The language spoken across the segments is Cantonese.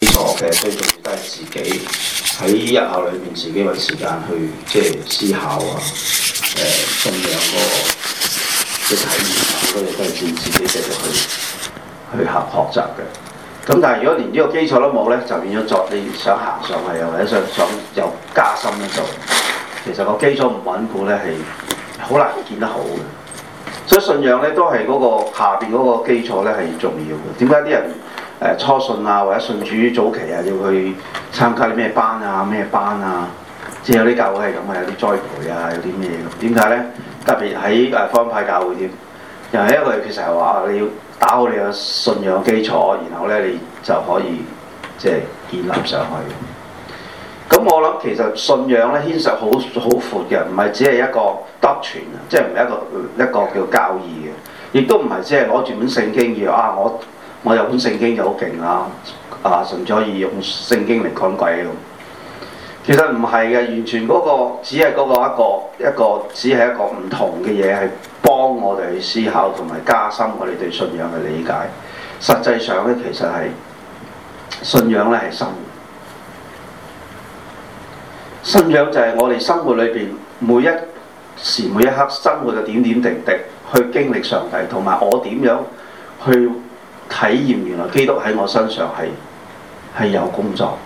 基礎嘅最重要都係自己喺日後裏邊自己揾時間去即係思考啊，誒信仰個嘅體驗啊，好多嘢都係要自己繼續去去學學習嘅。咁但係如果連呢個基礎都冇呢，就變咗作你想行上去啊，或者想想有加深咧，度。其實個基礎唔穩固呢，係好難見得好嘅。所以信仰呢，都係嗰、嗰個下邊嗰個基礎呢，係重要嘅。點解啲人？誒初信啊，或者信主早期啊，要去參加啲咩班啊、咩班啊，即係有啲教會係咁啊，有啲栽培啊，有啲咩咁？點解呢？特別喺誒方派教會添，又係一個其實係話你要打好你嘅信仰基礎，然後呢，你就可以即係建立上去。咁我諗其實信仰呢，牽涉好好闊嘅，唔係只係一個 doctrine，即係唔係一個一個叫教義嘅，亦都唔係只係攞住本聖經要啊我。我有本聖經就好勁啦，啊，甚至可以用聖經嚟講鬼咁。其實唔係嘅，完全嗰個只係嗰個一個一個只係一個唔同嘅嘢，係幫我哋去思考同埋加深我哋對信仰嘅理解。實際上呢，其實係信仰呢係生活，信仰就係我哋生活裏邊每一時每一刻生活嘅點點滴滴，去經歷上帝同埋我點樣去。體驗原來基督喺我身上係係有工作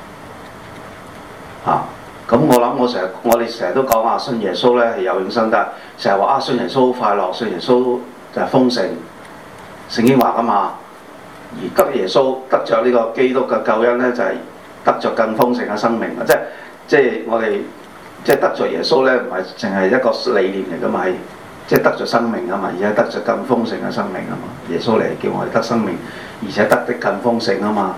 啊！咁我諗我成日我哋成日都講話信耶穌呢係有永生㗎，成日話啊信耶穌快樂，信耶穌、啊、就係豐盛，聖經話噶嘛。而得耶穌得著呢個基督嘅救恩呢，就係、是、得著更豐盛嘅生命。即即我哋即得著耶穌呢，唔係淨係一個理念嚟噶嘛，係。即係得咗生命啊嘛，而家得咗更豐盛嘅生命啊嘛。耶穌嚟叫我哋得生命，而且得的更豐盛啊嘛。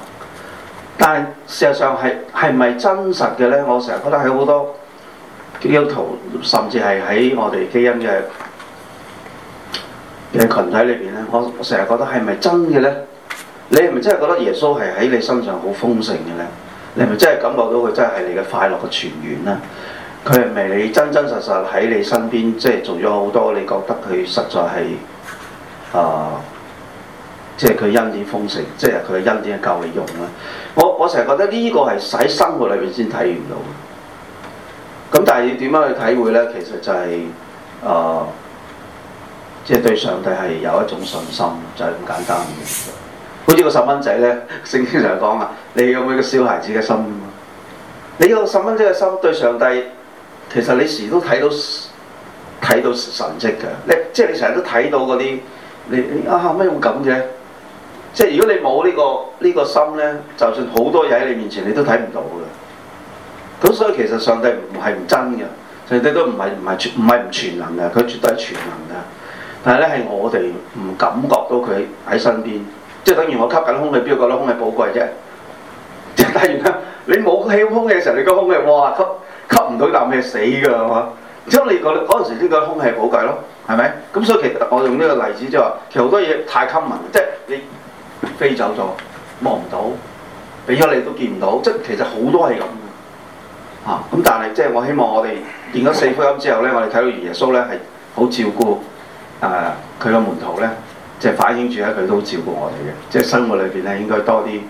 但係事實上係係咪真實嘅呢？我成日覺得喺好多基督徒，甚至係喺我哋基恩嘅嘅羣體裏邊呢。我成日覺得係咪真嘅呢？你係咪真係覺得耶穌係喺你身上好豐盛嘅呢？你係咪真係感覺到佢真係你嘅快樂嘅泉源呢？佢係咪你真真實實喺你身邊，即係做咗好多，你覺得佢實在係啊、呃？即係佢恩典豐盛，即係佢嘅恩典夠你用啦。我我成日覺得呢個係喺生活裏邊先體現到。咁但係點樣去體會呢？其實就係、是、啊、呃，即係對上帝係有一種信心，就係、是、咁簡單。好似個十蚊仔呢，聖經上講啊，你有冇個小孩子嘅心？你有十蚊仔嘅心對上帝？其實你時都睇到睇到神蹟嘅，你即係你成日都睇到嗰啲，你，你，你啊咩會咁嘅？即係如果你冇呢、呢個呢、呢個心呢，就算好多嘢喺你面前，你都睇唔到嘅。咁所以其實上帝唔係唔真嘅，上帝都唔係唔係唔係唔全能嘅，佢絕對係全能嘅。但係呢，係我哋唔感覺到佢喺身邊，即係等於我吸緊空氣，邊度覺得空氣寶貴啫？即係但係原來啦，你冇吸空氣嘅時候，你覺得空氣哇吸。吸唔到啖氣死㗎嘛！咁你個嗰陣時呢個空氣估計咯，係咪？咁所以其實我用呢個例子即係話，其實好多嘢太吸聞，即係你飛走咗，望唔到，俾咗你都見唔到。即係其實好多係咁嘅，咁、啊。但係即係我希望我哋見咗四福音之後呢，我哋睇到耶穌呢係好照顧啊佢嘅門徒呢，即、就、係、是、反映住呢佢都照顧我哋嘅。即係生活裏邊呢，應該多啲誒、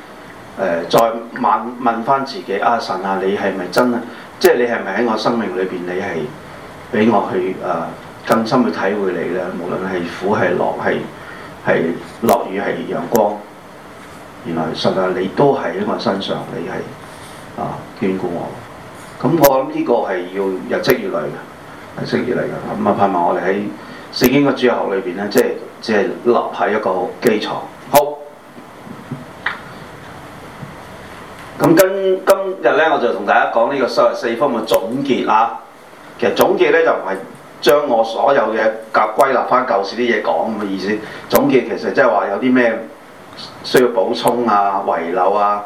呃，再問問翻自己阿、啊、神啊，你係咪真啊？即係你係咪喺我生命裏邊？你係俾我去誒、啊、更深去體會你呢？無論係苦係樂係係落雨係陽光，原來實際上你都係喺我身上，你係啊眷顧我。咁、嗯、我諗呢個係要日積月累嘅，日積月累嘅。咁、嗯、啊，盼望我哋喺聖經嘅主日學裏邊即係即係立喺一個基礎。好。咁今今日呢，我就同大家講呢個收入四方嘅總結啊。其實總結呢，就唔係將我所有嘅及歸納翻舊時啲嘢講咁嘅意思。總結其實即係話有啲咩需要補充啊、遺漏啊。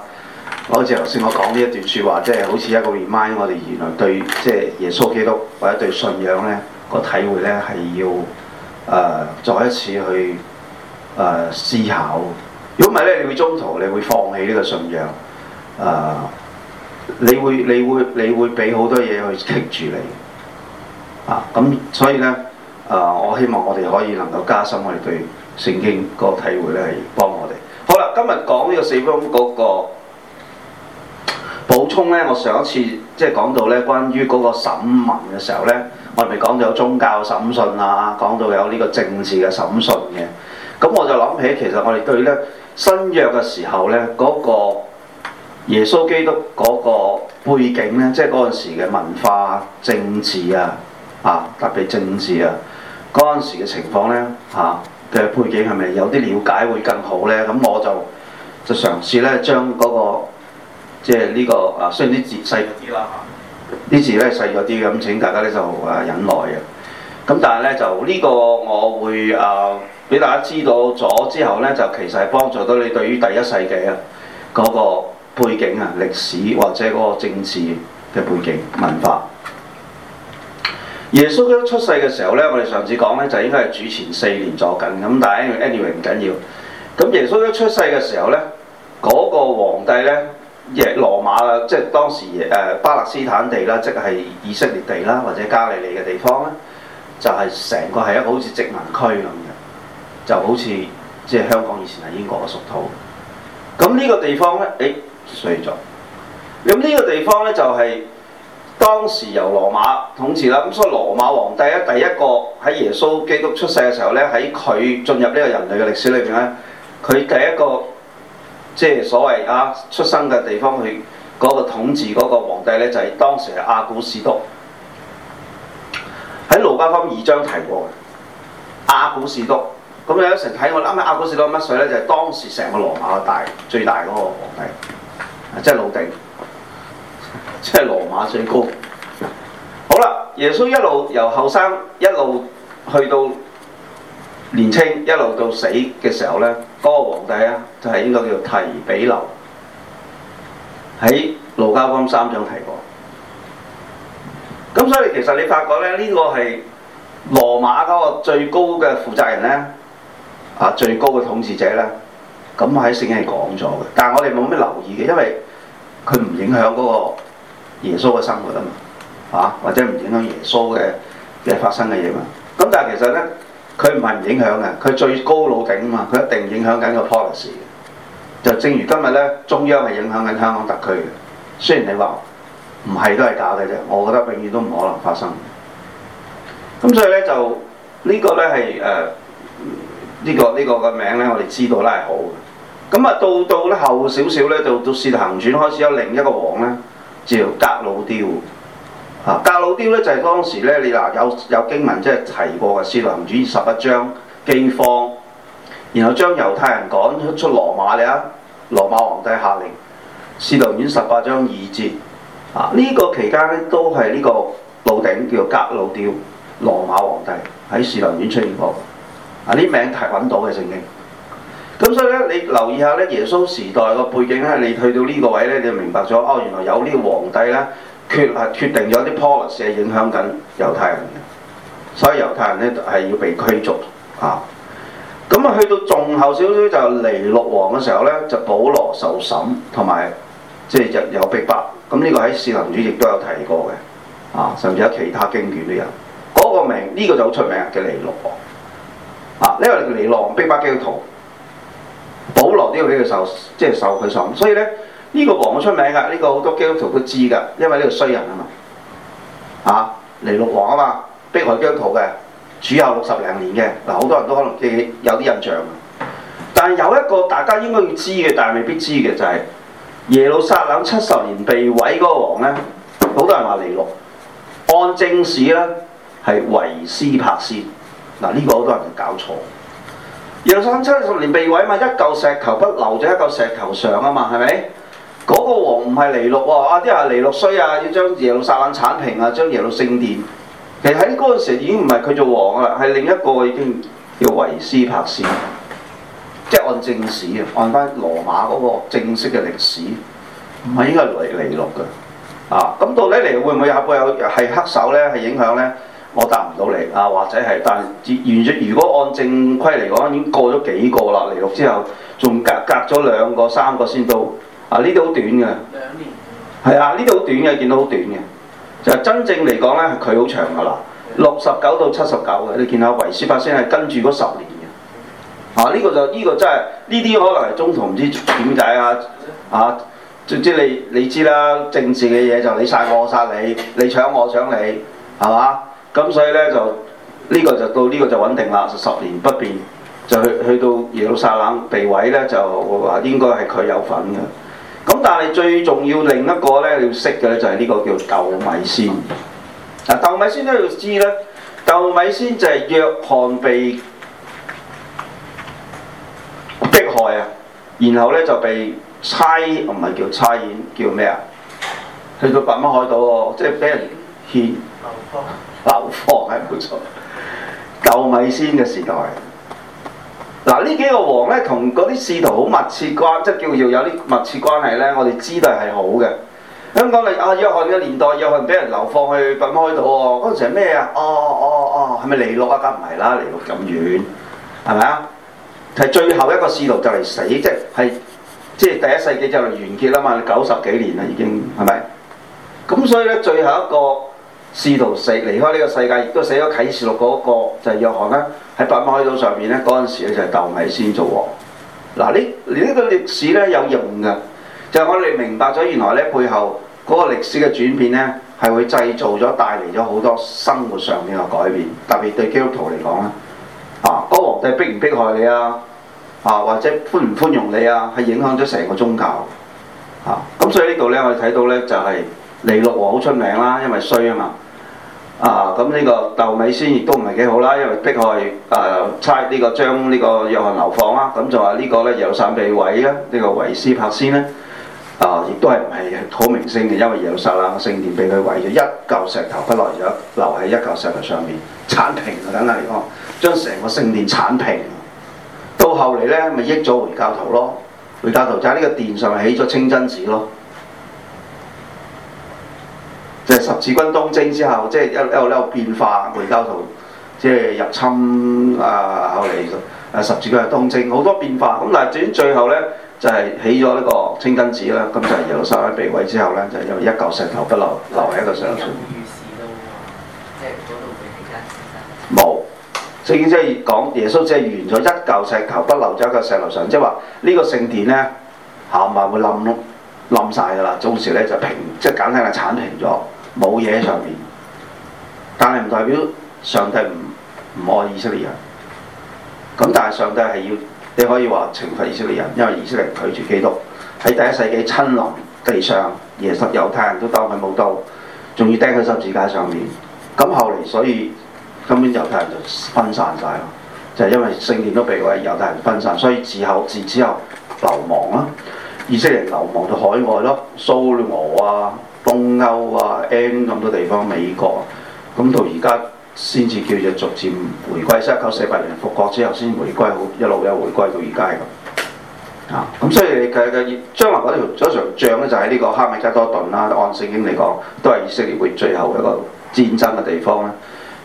好似頭先我講呢一段説話，即係好似一個 remind 我哋原來對即係耶穌基督或者對信仰呢個體會呢，係要誒再一次去誒思考。如果唔係呢，你會中途你會放棄呢個信仰。誒、啊，你會你會你會俾好多嘢去棘住你啊！咁所以呢，誒、啊，我希望我哋可以能夠加深我哋對聖經個體會呢，係幫我哋好啦。今日講呢個四福音嗰、那個補充呢。我上一次即係講到呢，關於嗰個審問嘅時候呢，我哋講咗有宗教審訊啊，講到有呢個政治嘅審訊嘅。咁我就諗起其實我哋對呢新約嘅時候呢嗰、那個。耶穌基督嗰個背景呢，即係嗰陣時嘅文化、政治啊，啊特別政治啊，嗰陣時嘅情況呢，嚇、啊、嘅背景係咪有啲了解會更好呢？咁我就就嘗試呢，將嗰個即係呢個啊，雖然啲字細咗啲啦嚇，啲字呢細咗啲，咁請大家咧就忍耐啊。咁但係呢，就呢個我會啊俾大家知道咗之後呢，就其實係幫助到你對於第一世紀啊嗰個。背景啊，歷史或者嗰個政治嘅背景文化。耶穌一出世嘅時候呢，我哋上次講呢，就應該係主前四年左近咁，但係 anyway 唔緊要。咁耶穌一出世嘅時候呢，嗰個皇帝呢，亦羅馬即係當時巴勒斯坦地啦，即係以色列地啦，或者加利利嘅地方咧，就係成個係一個好似殖民區咁嘅，就好似即係香港以前係英國嘅屬土。咁呢個地方呢。誒？衰咗。咁呢、這個地方呢，就係當時由羅馬統治啦。咁所以羅馬皇帝呢，第一個喺耶穌基督出世嘅時候呢，喺佢進入呢個人類嘅歷史裏邊呢，佢第一個即係所謂啊出生嘅地方去嗰個統治嗰個皇帝呢，就係當時係阿古士多。喺《路加福音》二章提過嘅阿古士多。咁有啲成睇我啱啱阿古士多乜水呢？就係當時成個羅馬大最大嗰個皇帝。即係老頂，即係羅馬最高。好啦，耶穌一路由後生一路去到年青，一路到死嘅時候呢，嗰、嗰個皇帝啊，就係應該叫提比流，喺《路加福音》三章提過。咁所以其實你發覺呢，呢個係羅馬嗰個最高嘅負責人呢，啊最高嘅統治者呢。咁喺聖經係講咗嘅，但係我哋冇咩留意嘅，因為佢唔影響嗰個耶穌嘅生活啊嘛，啊或者唔影響耶穌嘅嘅發生嘅嘢嘛。咁但係其實呢，佢唔係唔影響嘅，佢最高老頂啊嘛，佢一定影響緊個 policy 嘅。就正如今日呢，中央係影響緊香港特區嘅。雖然你話唔係都係假嘅啫，我覺得永遠都唔可能發生。咁所以呢，就呢、這個呢係誒呢個呢、這個嘅名呢，我哋知道咧係好嘅。咁啊，到到咧後少少呢，就到使徒行傳開始有另一個王咧，叫革老丟。啊，革老丟咧就係當時咧，你嗱有有經文即係提過嘅使徒行傳十一章饑荒，然後將猶太人趕出出羅馬咧。羅馬皇帝下令使徒行傳十八章二節。啊，呢、這個期間咧都係呢個老頂叫做革老丟。羅馬皇帝喺使徒行傳出現過。啊，呢名揾到嘅聖經。咁所以呢，你留意下呢耶穌時代個背景呢你去到呢個位呢，你就明白咗哦，原來有呢個皇帝呢，決係決定咗啲 policy 係影響緊猶太人嘅，所以猶太人呢係要被驅逐啊。咁啊，去到仲後少少就是、尼羅王嘅時候呢，就保羅受審同埋即係日有逼迫。咁呢個喺《使徒行傳》都有提過嘅啊，甚至有其他經典都有。嗰、這個名呢、這個就好出名，叫尼羅王啊，呢個尼羅王逼迫基督徒。保羅都要俾佢受，即、就、係、是、受佢審，所以呢，呢個王好出名噶，呢、這個好多基督徒都知噶，因為呢個衰人啊嘛，啊尼祿王啊嘛，逼害基督徒嘅，主後六十零年嘅，嗱，好多人都可能記有啲印象。但係有一個大家應該要知嘅，但係未必知嘅就係、是、耶路撒冷七十年被毀嗰個王呢，好多人話尼祿，按正史呢，係維斯帕斯。嗱、這、呢個好多人搞錯。耶路撒冷七十年被毀嘛，一嚿石頭不留咗一嚿石頭上啊嘛，係咪？嗰、那個王唔係尼祿喎、啊，啊啲人尼祿衰啊，要將耶路撒冷鏟平啊，將耶路聖殿。其實喺嗰陣時已經唔係佢做王啦，係另一個已經叫維斯帕斯。即係按正史啊，按翻羅馬嗰個正式嘅歷史，唔係應該係尼尼祿噶。啊，咁到底嚟會唔會有冇有係黑手呢？係影響呢？我答唔到你啊，或者係，但係完、呃、如果按正規嚟講，已經過咗幾個啦，嚟到之後仲隔隔咗兩個三個先到啊！呢啲好短嘅，兩年，係啊，呢啲好短嘅，見到好短嘅就是、真正嚟講呢，佢好長噶啦，六十九到七十九嘅，你見下維斯帕先係跟住嗰十年嘅啊！呢、這個就呢、這個真係呢啲可能係中途唔知點解啊啊！總之你你知啦，政治嘅嘢就你殺我殺你，你搶我搶你，係嘛？咁所以呢，就呢、這個就到呢個就穩定啦，十年不變就去去到耶路撒冷被毀呢，就話應該係佢有份嘅。咁但係最重要另一個你要識嘅咧就係呢個叫鬥米仙。嗱，鬥米仙都要知咧，鬥米仙就係約翰被迫害啊，然後呢就被差唔係叫差遣叫咩啊？去到拔摩海島喎，即係俾人騙。流放係冇錯，鬥米先嘅時代。嗱呢幾個王呢，同嗰啲使徒好密切關，即係叫做有啲密切關係呢。我哋知道係好嘅。香港嚟啊，約翰嘅年代，約翰俾人流放去拔摩島喎。嗰陣時係咩啊？哦哦哦，係咪尼祿啊？梗唔係啦，尼祿咁遠，係咪啊？係最後一個使徒就嚟死，即係即係第一世紀就嚟完結啦嘛。九十幾年啦已經，係咪？咁所以呢，最後一個。使徒死離開呢個世界，亦都寫咗啟示錄嗰個就係、是、約翰啦。喺拔摩海島上面呢，嗰陣時呢，就係鬥米先做王。嗱，呢、這、呢個歷史呢有用㗎，就係、是、我哋明白咗原來呢背後嗰個歷史嘅轉變呢，係會製造咗帶嚟咗好多生活上面嘅改變。特別對基督徒嚟講呢，啊，嗰皇帝迫唔迫害你啊？啊，或者寬唔寬容你啊？係影響咗成個宗教啊。咁所以呢度呢，我哋睇到呢就係、是。尼祿王好出名啦，因為衰啊嘛、呃這個呃這個。啊，咁呢、這個鬥米先亦都唔係幾好啦，因為逼佢誒猜呢個將呢個約翰流放啦。咁就話呢個耶路撒冷被毀啊，呢個維斯帕斯呢，啊，亦都係唔係好明星嘅，因為耶路撒冷聖殿俾佢毀咗一嚿石頭，不耐咗留喺一嚿石頭上面，剷平、啊、簡單嚟講，將成個聖殿剷平。到後嚟呢咪益咗回教徒咯，回教徒就喺呢個殿上起咗清真寺咯。即十字軍東征之後，即係一一路一路變化，回交同即係入侵啊，後嚟十字軍係東征，好多變化。咁但係至於最後呢，就係、是、起咗呢個清真寺啦。咁就係耶路撒冷被毀之後呢，就是、因為一嚿石頭不留，留喺一個石頭上。冇，所以即係講耶穌即係完咗一嚿石頭不留咗一嚿石頭上，即係話呢個聖殿呢，冚唪唥會冧冧晒㗎喇。到時呢，就平，即係簡單剷平咗。冇嘢喺上面，但係唔代表上帝唔唔愛以色列人。咁但係上帝係要你可以話懲罰以色列人，因為以色列拒絕基督喺第一世紀親臨地上，耶穌猶太人都當佢冇到，仲要釘喺十字架上面。咁後嚟所以根本猶太人就分散晒。咯，就係、是、因為聖殿都被毀，猶太人分散，所以自後自之後流亡啦，以色列人流亡到海外咯，蘇俄啊。東歐啊，N 咁多地方，美國啊，咁到而家先至叫做逐漸回歸，一九四八年復國之後先回歸，好一路咧回歸到而家咁啊！咁、嗯、所以嘅嘅熱，將來嗰條嗰條仗呢，就喺呢個哈米吉多頓啦。按聖經嚟講，都係以色列會最後一個戰爭嘅地方咧。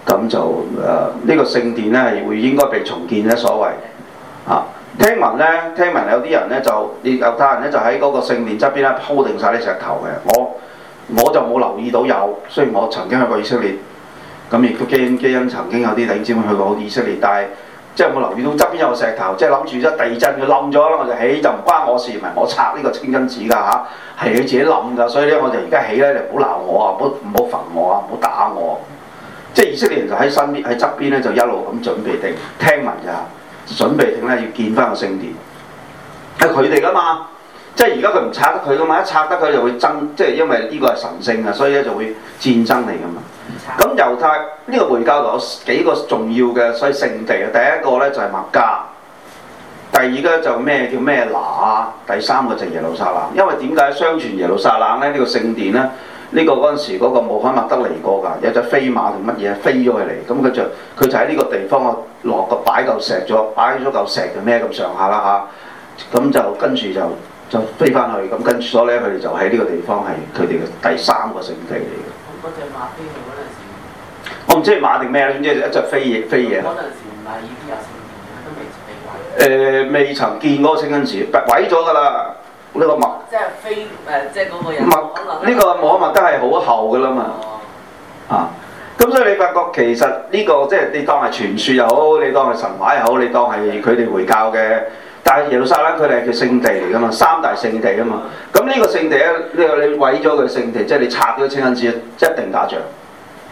咁就誒呢、啊呢個聖殿呢，會應該被重建呢，所謂啊，聽聞呢，聽聞有啲人呢，就啲猶太人呢，就喺嗰個聖殿側邊呢，鋪定晒啲石頭嘅，我。我就冇留意到有，雖然我曾經去過以色列，咁亦都基恩曾經有啲領尖去過以色列，但係即係冇留意到側邊有個石頭，即係諗住一地震佢冧咗啦，我就起就唔關我事，唔係我拆呢個清真寺㗎嚇，係、啊、佢自己冧㗎，所以呢，我哋而家起呢，你唔好鬧我啊，唔好唔好煩我啊，唔好打我，即係以色列人就喺身邊喺側邊呢，就一路咁準備定聽聞就準備定呢，要建翻個聖殿，係佢哋㗎嘛。即係而家佢唔拆得佢噶嘛，一拆得佢就會爭，即係因為呢個係神聖啊，所以咧就會戰爭嚟噶嘛。咁猶、嗯、太呢、這個回教有幾個重要嘅所以聖地啊，第一個呢就係、是、麥加，第二個就咩叫咩拿，第三個就耶路撒冷。因為點解相傳耶路撒冷呢？呢、這個聖殿呢，呢、這個嗰陣時嗰個穆罕默德嚟過㗎，有隻飛馬同乜嘢飛咗佢嚟，咁佢就佢就喺呢個地方落個擺嚿石咗，擺咗嚿石嘅咩咁上下啦嚇，咁就跟住就。就飛翻去，咁跟住所以咧，佢哋就喺呢個地方係佢哋嘅第三個聖地嚟嘅。咁嗰隻馬飛去嗰陣時，我唔知馬定咩啦，即係一隻飛嘢飛嘢。嗰陣時唔係已經有聖殿，都未曾被毀、呃。未曾見嗰個聖經字，毀咗㗎啦。呢、這個墨即係飛誒，即係嗰個人物。呢、這個墨、哦、啊，都係好厚㗎啦嘛。啊，咁所以你發覺其實呢、這個即係、就是、你當係傳説又好，你當係神話又好，你當係佢哋回教嘅。但係耶路撒冷佢哋係佢聖地嚟噶嘛，三大聖地啊嘛。咁呢個聖地咧，你話你毀咗佢聖地，即係你拆咗清真寺，一定打仗，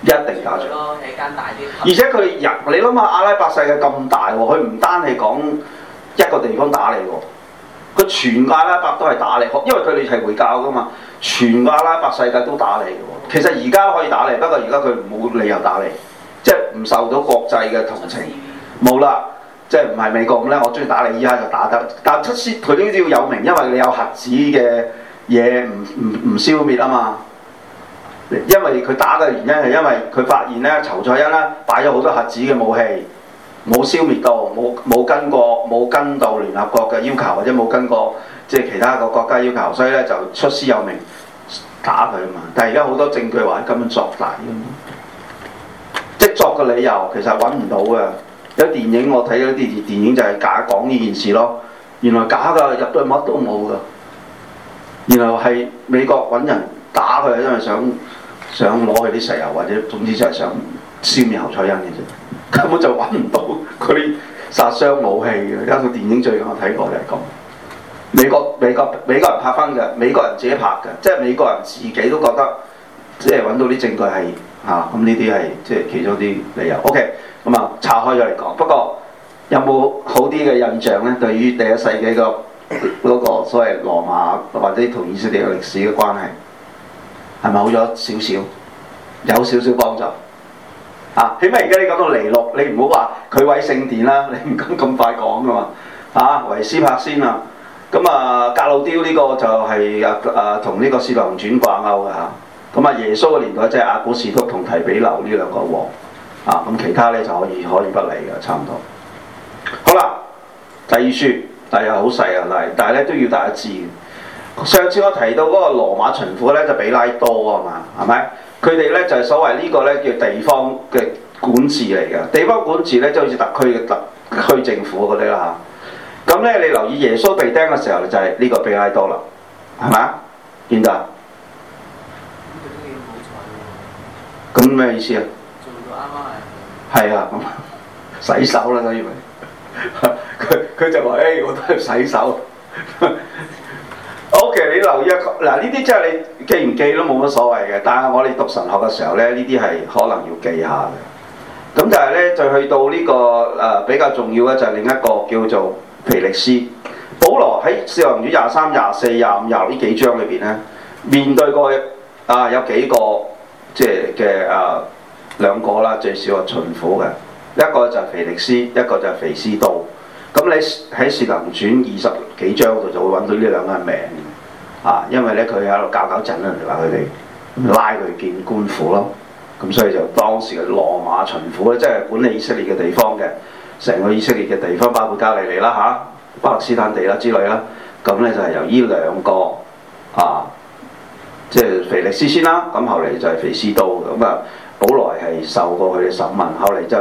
一定打仗。而且佢入，你諗下阿拉伯世界咁大喎，佢唔單係講一個地方打你喎，佢全阿拉伯都係打你，因為佢哋係回教噶嘛，全阿拉伯世界都打你嘅喎。其實而家可以打你，不過而家佢冇理由打你，即係唔受到國際嘅同情，冇啦。即係唔係美國咁呢，我中意打你依家就打得，但出師佢都要有名，因為你有核子嘅嘢唔唔唔消滅啊嘛。因為佢打嘅原因係因為佢發現呢，仇賽因侯賽因咧擺咗好多核子嘅武器，冇消滅到，冇冇跟過，冇跟到聯合國嘅要求，或者冇跟過即係其他個國家要求，所以呢，就出師有名打佢啊嘛。但係而家好多證據話咁樣作大，咁，即係作嘅理由其實揾唔到啊。有電影我睇咗啲電影，就係假講呢件事咯。原來假噶，入到去乜都冇噶，然後係美國揾人打佢，因為想想攞佢啲石油，或者總之就係想消滅侯賽因嘅啫，根本就揾唔到嗰啲殺傷武器。有一個電影最近我睇過就係咁，美國美國美國人拍翻嘅，美國人自己拍嘅，即係美國人自己都覺得即係揾到啲證據係。啊，咁呢啲係即其中啲理由。OK，咁啊拆開咗嚟講，不過有冇好啲嘅印象呢？對於第一世紀、嗰個嗰、嗰個所謂羅馬或者同以色列嘅歷史嘅關係，係咪好咗少少？有少少幫助啊！起碼而家你講到尼祿，你唔好話佢毀聖殿啦，你唔敢咁快講噶嘛？啊，維斯帕先啊。咁啊，革老丟呢個就係、是、啊同呢、啊、個斯掛使徒行傳掛鈎嘅嚇。咁啊，耶穌嘅年代即係阿古士督同提比留呢兩個王啊，咁其他呢就可以可以不理嘅，差唔多。好啦，第二書，第係好細啊，例，但係呢都要大家知。上次我提到嗰個羅馬巡撫呢，就比拉多啊嘛，係咪？佢哋呢就係、是、所謂呢個呢叫地方嘅管治嚟嘅，地方管治呢就好、是、似特區嘅特區政府嗰啲啦嚇。咁、啊、呢，你留意耶穌被釘嘅時候就係、是、呢個比拉多啦，係嘛？見到啊？咁咩意思啊？做係，係啊洗手啦，所以，佢 佢就話：誒、欸，我都係洗手。 OK，你留意啊，嗱呢啲真係你記唔記都冇乜所謂嘅，但係我哋讀神學嘅時候呢，呢啲係可能要記下嘅。咁就係呢，就去到呢、這個誒、呃、比較重要嘅，就另一個叫做皮力斯。保羅喺《使徒行傳》廿三、廿四、廿五、廿六呢幾章裏邊呢，面對過啊有幾個。即係嘅啊兩個啦，最少啊巡撫嘅一個就腓力斯，一個就腓斯都。咁你喺《士林傳》二十幾章度就會揾到呢兩個名啊，因為呢，佢喺度搞搞震，人哋話佢哋拉佢去見官府咯。咁、嗯、所以就當時嘅羅馬巡撫咧，即係管理以色列嘅地方嘅，成個以色列嘅地方，包括加利利啦、哈巴勒斯坦地啦之類啦。咁、嗯、呢就係、是、由呢兩個啊。即係腓力斯先啦，咁後嚟就係腓斯都，咁啊保萊係受過佢嘅審問，後嚟就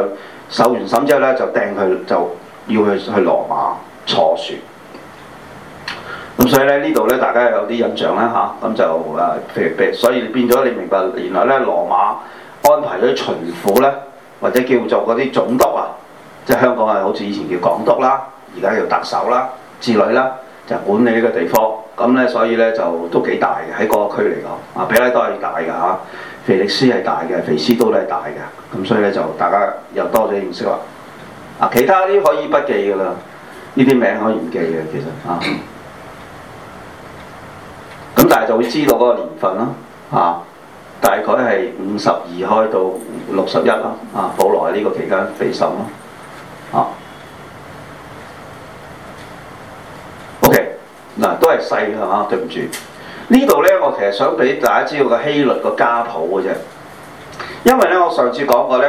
受完審之後呢，就掟佢就要去就要去羅馬坐船。咁所以呢，呢度呢，大家有啲印象啦。嚇、啊，咁就誒腓力，所以變咗你明白原來呢，羅馬安排咗啲巡府呢，或者叫做嗰啲總督啊，即係香港係好似以前叫港督啦，而家叫特首啦之類啦，就管理呢個地方。咁呢，所以呢，就都幾大嘅，喺嗰個區嚟講，啊比拉多係大嘅嚇，腓力斯係大嘅，非斯都都係大嘅。咁所以呢，就大家又多咗認識啦。啊，其他啲可以不記噶啦，呢啲名可以唔記嘅其實啊。咁但係就會知道嗰個年份啦，啊大概係五十二開到六十一啦，啊保羅喺呢個期間肥瘦咯，啊。嗱，都係細嘅，對唔住。呢度呢，我其實想俾大家知道個希律個家譜嘅啫。因為呢，我上次講過呢，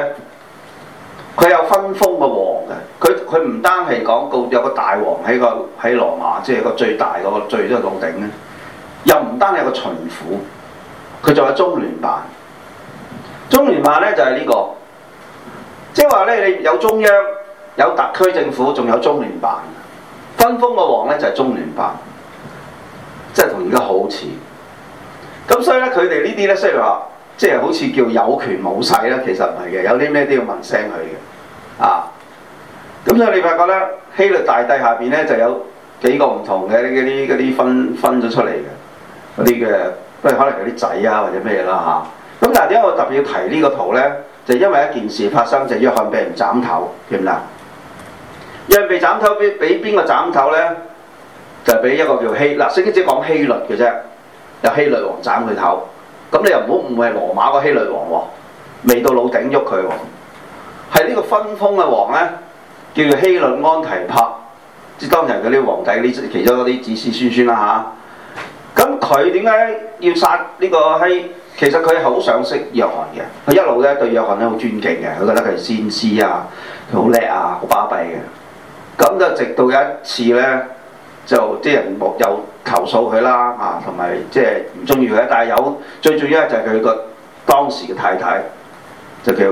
佢有分封個王嘅，佢佢唔單係講到有個大王喺個喺羅馬，即係個最大嗰個最，一個頂呢，又唔單係個巡撫，佢仲有中聯辦。中聯辦呢，就係呢個，即係話呢，你有中央、有特區政府，仲有中聯辦。分封個王呢，就係中聯辦。即係同而家好似，咁所以呢，佢哋呢啲呢，雖然話即係好似叫有權冇勢啦，其實唔係嘅，有啲咩都要問聲佢嘅，啊，咁所以你發覺呢，希律大帝下邊呢，就有幾個唔同嘅呢啲嗰啲分分咗出嚟嘅嗰啲嘅，不過可能有啲仔啊或者咩嘢啦嚇，咁、啊、但係點解我特別要提呢個圖呢？就是、因為一件事發生，就係、是、約翰俾人斬頭，記唔記得？約翰俾斬頭，俾俾邊個斬頭咧？就俾一個叫希嗱，識、啊、得只講希律嘅啫，有希律王斬佢頭。咁你又唔好誤會羅馬個希律王喎、哦，未到老頂喐佢喎。係、哦、呢個分封嘅王呢，叫做希律安提帕，即係當年嗰啲皇帝其中嗰啲子孫孫啦嚇。咁佢點解要殺呢個希？其實佢好想識約翰嘅，佢一路呢對約翰都好尊敬嘅，佢覺得佢係先知啊，佢好叻啊，好巴閉嘅。咁就直到有一次呢。就啲人有投訴佢啦，啊，同埋即係唔中意佢，但係有最重要嘅就係佢個當時嘅太太就叫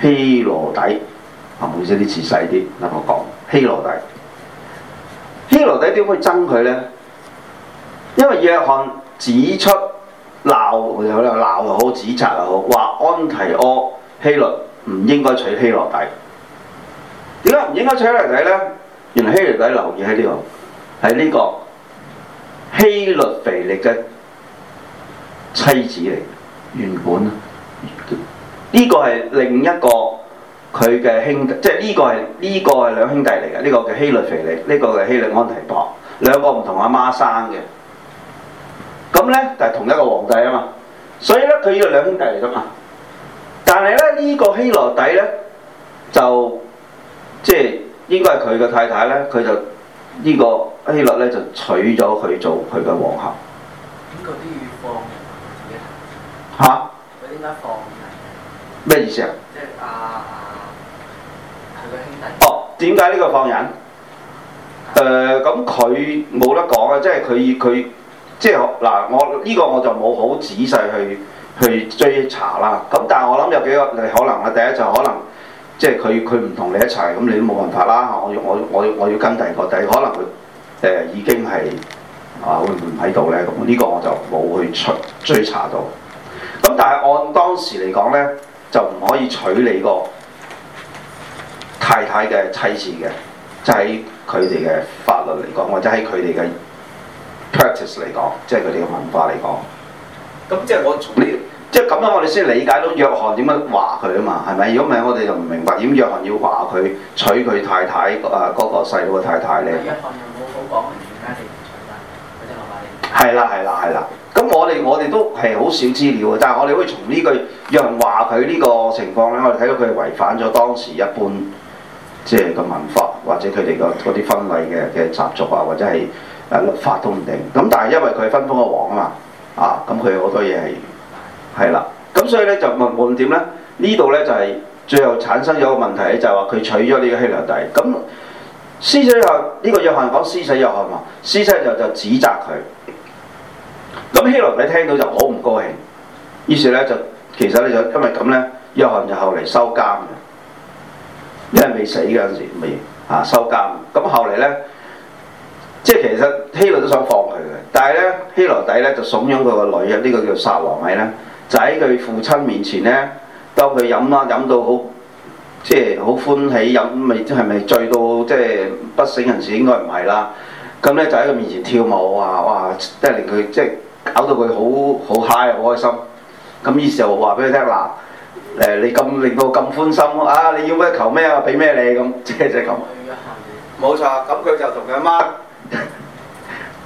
希羅底，啊，唔好意思，啲字細啲，嗱我講希羅底，希羅底點會憎佢呢？因為約翰指出鬧又好鬧又好指責又好，話安提柯希律唔應該娶希羅底。點解唔應該娶希羅底呢？原來希羅底留意喺呢度。係呢、這個希律腓力嘅妻子嚟，原本呢、啊、個係另一個佢嘅兄弟，即係呢個係呢、這個係兩兄弟嚟嘅，呢、這個叫希律腓力，呢、這個叫希律安提帕，兩個唔同阿媽生嘅。咁呢就係同一個皇帝啊嘛，所以呢，佢呢個兩兄弟嚟㗎嘛。但係呢，呢、這個希羅底呢，就即係應該係佢嘅太太呢，佢就呢、這個。希律咧就娶咗佢做佢嘅皇后。邊咩、啊、意思啊？即係阿佢嘅兄弟哦，點解呢個放人？誒、呃，咁佢冇得講啊！即係佢佢即係嗱，我、這、呢個我就冇好仔細去去追查啦。咁但係我諗有幾個可能，第一就可能即係佢佢唔同你一齊，咁你都冇辦法啦。我我我我要跟第二個，第二可能佢。誒，已經係啊，會唔會喺度呢？咁、這、呢個我就冇去追查到。咁但係按當時嚟講呢，就唔可以娶你個太太嘅妻子嘅，即係喺佢哋嘅法律嚟講，或者喺佢哋嘅 practice 嚟講，即係佢哋嘅文化嚟講。咁即係我從你即係咁樣，我哋先理解到約翰點樣話佢啊嘛？係咪？如果唔係，我哋就唔明白。如果約翰要話佢娶佢太太啊嗰、呃那個細佬嘅太太呢。講係啦，係啦，係啦。咁我哋我哋都係好少資料嘅，但係我哋可以從呢句有人話佢呢個情況咧，我哋睇到佢違反咗當時一般即係個文化，或者佢哋嗰啲婚禮嘅嘅習俗啊，或者係啊、呃、律法都唔定。咁但係因為佢分封嘅王啊嘛，啊咁佢好多嘢係係啦。咁所以呢，就無論點呢？呢度呢，就係、是、最後產生咗個問題咧，就係話佢娶咗呢個希羅底咁。施洗後呢個約翰講施洗約翰嘛，施洗就就指責佢。咁希羅底聽到就好唔高興，於是呢，就其實呢，就因為咁呢，約翰就後嚟收監嘅，因為未死嗰陣時未啊收監。咁後嚟呢，即係其實希羅都想放佢嘅，但係呢，希羅底呢就慫恿佢個女啊，呢、呢個叫撒羅米呢，就喺佢父親面前呢，幫佢飲啦，飲到好。即係好歡喜飲，咪即係咪醉到即係不省人事，應該唔係啦。咁呢，就喺佢面前跳舞啊！哇，即係令佢即係搞到佢好好嗨，好開心。咁於是就話俾佢聽嗱，誒你咁令到我咁歡心，啊你要咩求咩啊？俾咩你咁，即係、嗯、就係咁。冇錯，咁佢就同佢阿媽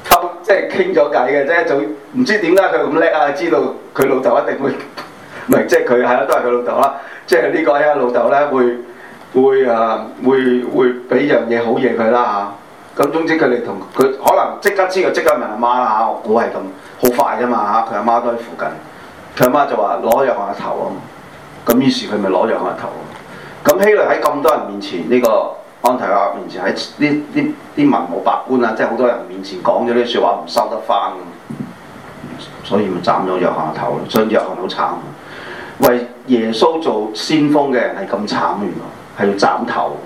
溝即係傾咗偈嘅，即係總唔知點解佢咁叻啊！知道佢老豆一定會，唔係即係佢係啦，都係佢老豆啦。即係呢個咧，老豆呢，會會誒會會俾樣嘢好嘢佢啦嚇。咁、啊、總之佢哋同佢可能即刻知，道，即刻問阿媽啦嚇。我估係咁好快㗎嘛嚇，佢阿媽，媽都喺附近。佢阿媽，媽就話攞約翰個頭啊嘛。咁於是佢咪攞約翰個頭咯。咁、啊、希律喺咁多人面前，呢、這個安提阿面前喺呢呢文武百官啊，即係好多人面前講咗啲説話唔收得翻，所以咪斬咗約翰個頭咯。所以約翰好慘，為。耶穌做先鋒嘅人係咁慘嘅喎，係要斬頭，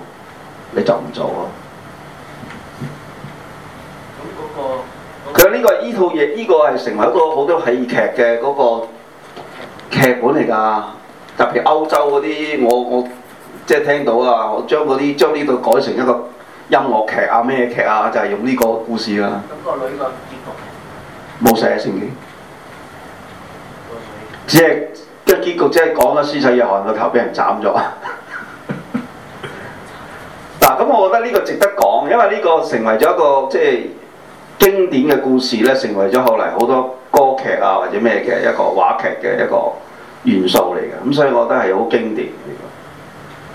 你就唔做咯。嗰、嗰個佢呢個呢套嘢，呢、呢個係成為一、嗰個好多戲劇嘅嗰個劇本嚟㗎。特別歐洲嗰啲，我我即係聽到啊，我將嗰啲將呢度改成一個音樂劇啊，咩劇啊，就係、係、用呢個故事啊。冇寫成經，呢個、經只係。嘅結局即係講啦，施洗約翰個頭俾人斬咗。嗱，咁我覺得呢個值得講，因為呢個成為咗一個即係經典嘅故事呢，成為咗後嚟好多歌劇啊或者咩嘅一個話劇嘅一個元素嚟嘅。咁所以我覺得係好經典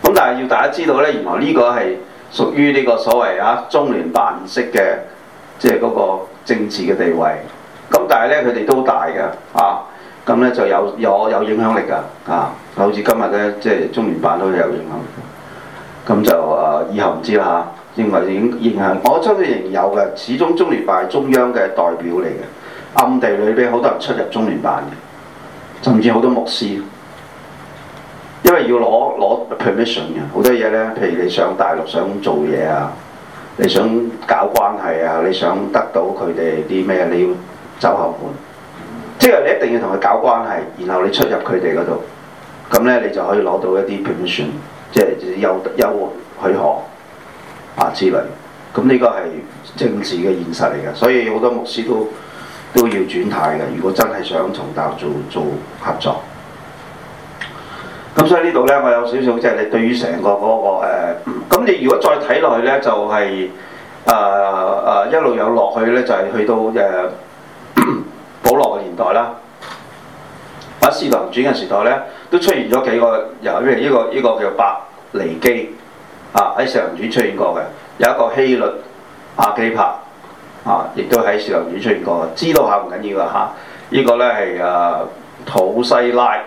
咁、這個、但係要大家知道呢原來呢個係屬於呢個所謂啊中聯辦式嘅，即係嗰個政治嘅地位。咁但係呢，佢哋都大嘅啊。咁呢就有有有影響力㗎，啊，好似今日呢，即係中聯辦都有影響力。咁就誒、啊，以後唔知啦嚇、啊。因為已經影響，我覺得仍然有嘅。始終中聯辦係中央嘅代表嚟嘅，暗地裏邊好多人出入中聯辦嘅，甚至好多牧師，因為要攞攞 permission 嘅，好多嘢呢，譬如你上大陸想做嘢啊，你想搞關係啊，你想得到佢哋啲咩，你要走後門。即係你一定要同佢搞關係，然後你出入佢哋嗰度，咁呢你就可以攞到一啲票選，即係優優惠許可啊之類。咁呢個係政治嘅現實嚟嘅，所以好多牧師都都要轉態嘅。如果真係想從頭做做合作，咁所以呢度呢，我有少少即係你對於成個嗰、嗰個誒，咁、呃、你如果再睇落去呢，就係啊啊一路有落去呢，就係、係、去到誒。呃保羅嘅年代啦，喺使徒行傳嘅時代呢，都出現咗幾個，有呢、這個呢、這個叫伯尼基啊，喺使徒行傳出現過嘅，有一個希律亞基帕啊，亦都喺使徒行傳出現過。知道下唔緊要啊，呢、這個呢係誒、啊、土西拉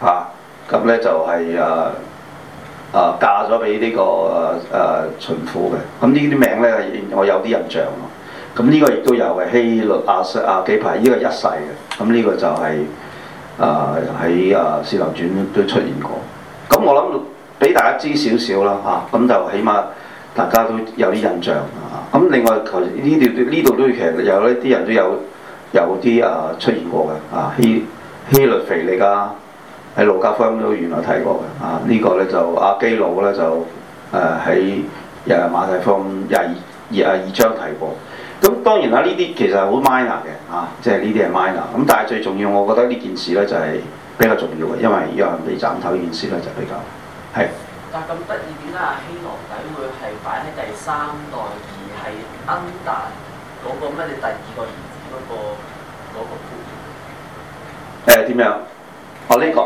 啊，咁呢就係誒誒嫁咗俾呢個誒、啊啊、巡撫嘅，咁呢啲名呢，我有啲印象。咁呢個亦都有嘅，希律阿叔阿幾排，呢個一世嘅。咁呢個就係啊喺啊《四樓傳》啊、都出現過。咁我諗俾大家知少少啦，嚇、啊、咁就起碼大家都有啲印象咁、啊、另外頭呢條呢度都其實有啲啲人都有有啲啊出現過嘅，啊希希律肥力啊喺《路加福音》都原來睇過嘅。啊呢、這個呢，就阿、啊、基老呢，就誒喺誒馬太福音廿二廿二章睇過。咁當然啦，呢啲其實係好 minor 嘅，嚇、啊，即係呢啲係 minor。咁但係最重要，我覺得呢件事咧就係、是、比較重要嘅，因為有人被斬頭，呢件事咧就是、比較係。但係咁得意點解阿希羅底會係擺喺第三代，而係恩達嗰個乜第二個兒子嗰個嗰個鋪？誒點樣？哦呢個。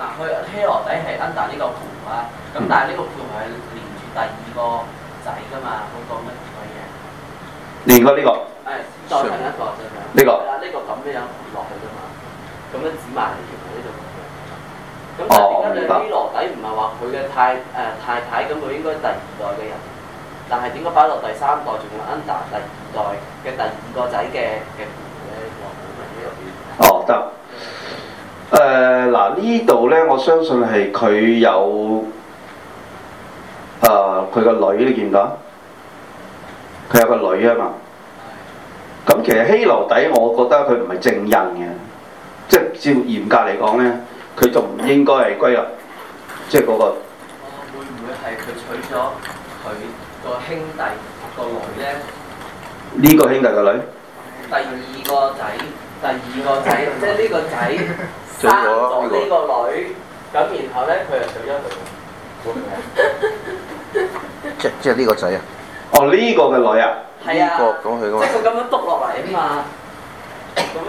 嗱，佢希羅底係恩達呢個鋪啊，咁但係呢個鋪係連住第二個仔㗎嘛，嗰個乜連個呢個，呢、嗯、個，樣樣呢個咁咩樣落去啫嘛？咁樣指埋嚟，原來呢度咁。哦，我明白。B 羅底唔係話佢嘅太誒、呃、太太，咁佢應該第二代嘅人，但係點解擺落第三代，仲有恩達第二代嘅第二個仔嘅嘅父母咧？個哦，得。誒嗱、嗯，嗯呃、呢度咧，我相信係佢有誒佢個女，你見唔到？佢有個女啊嘛，咁其實希羅底我覺得佢唔係正人嘅，即係照嚴格嚟講咧，佢仲唔應該係歸入，即係嗰、那個。會唔會係佢娶咗佢個兄弟個女咧？呢個兄弟個女。第二個仔，第二個仔，即係呢個仔娶咗呢個女，咁 然後咧佢又娶咗佢。個女 即即係呢個仔啊！哦，呢個嘅女啊，呢個咁佢個即係佢咁樣篤落嚟啊嘛。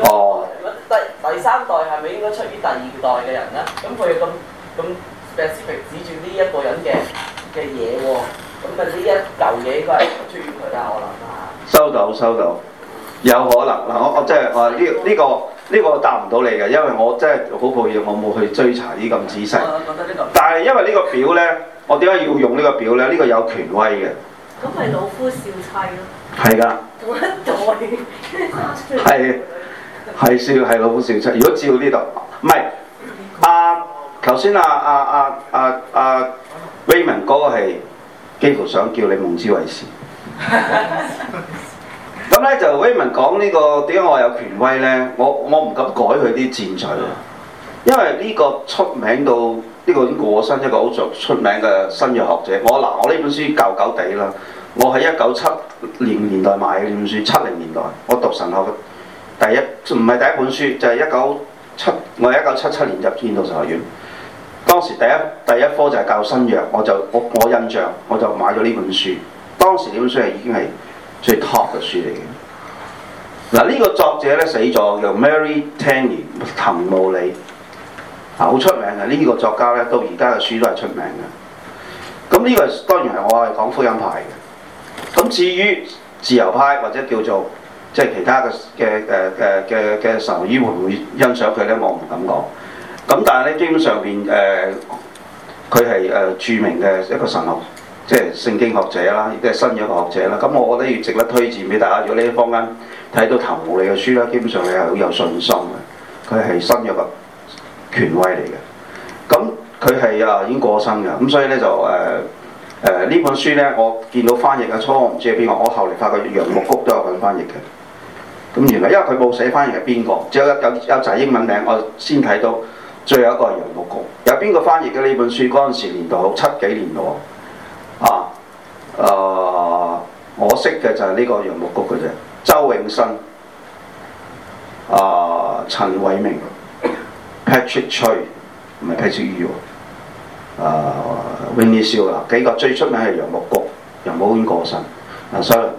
哦，第第三代係咪應該出於第二代嘅人咧？咁佢咁咁 specific 指住呢一個人嘅嘅嘢喎，咁啊呢一嚿嘢應該係出於佢啦，我諗啊。收到收到，有可能嗱，我我即係話呢呢個呢個答唔到你嘅，因為我真係好抱歉，我冇去追查呢咁仔細。我覺得呢個。但係因為呢個表咧，我點解要用呢個表咧？呢個有權威嘅。咁係老夫少妻咯，係噶的，同一代，係， 係笑，係老夫少妻。如果照呢度，唔係，阿、啊，頭先阿阿阿阿 Raymond 個係，幾乎想叫你夢之衛士。咁 呢，就 Raymond 講呢、這個點解我有權威呢？我我唔敢改佢啲字句，因為呢個出名到。呢個過咗身，一個好著出名嘅新約學者，我嗱我呢本書舊舊地啦，我喺一九七零年代買嘅呢本書，七零年代我讀神學第一唔係第一本書，就係一九七我係一九七七年入天道神學院，當時第一第一科就係教新約，我就我我印象我就買咗呢本書，當時呢本書係已經係最 top 嘅書嚟嘅。嗱、這、呢個作者呢，死咗，叫 Mary Tenney 滕慕理。好、啊、出名嘅呢、這個作家呢，到而家嘅書都係出名嘅。咁、嗯、呢、這個當然係我係講福音派嘅。咁、嗯、至於自由派或者叫做即係其他嘅嘅嘅嘅嘅神學，會唔會欣賞佢呢？我唔敢講。咁、嗯、但係呢，基本上邊誒佢係誒著名嘅一個神學，即係聖經學者啦，亦都係新約嘅學者啦。咁、嗯、我覺得亦值得推薦俾大家。如果你方間睇到頭你嘅書呢，基本上你係好有信心嘅。佢係新約嘅。權威嚟嘅，咁佢係啊已經過身嘅，咁所以呢，就誒誒呢本書呢，我見到翻譯嘅初，我唔知係邊個，我後嚟發覺楊牧谷都有份翻譯嘅，咁原來因為佢冇寫翻譯係邊個，只有有有紮英文名，我先睇到，最後一個係楊牧谷，有邊個翻譯嘅呢本書？嗰陣時年代好七幾年咯喎。啊啊，我識嘅就係呢個楊牧谷嘅啫，周永生，啊陳偉明。Patrick Tray 唔係 Patrick U 啊、呃、Winnie Shaw 幾個最出名係楊牧谷又冇點過身，啊、所以呢、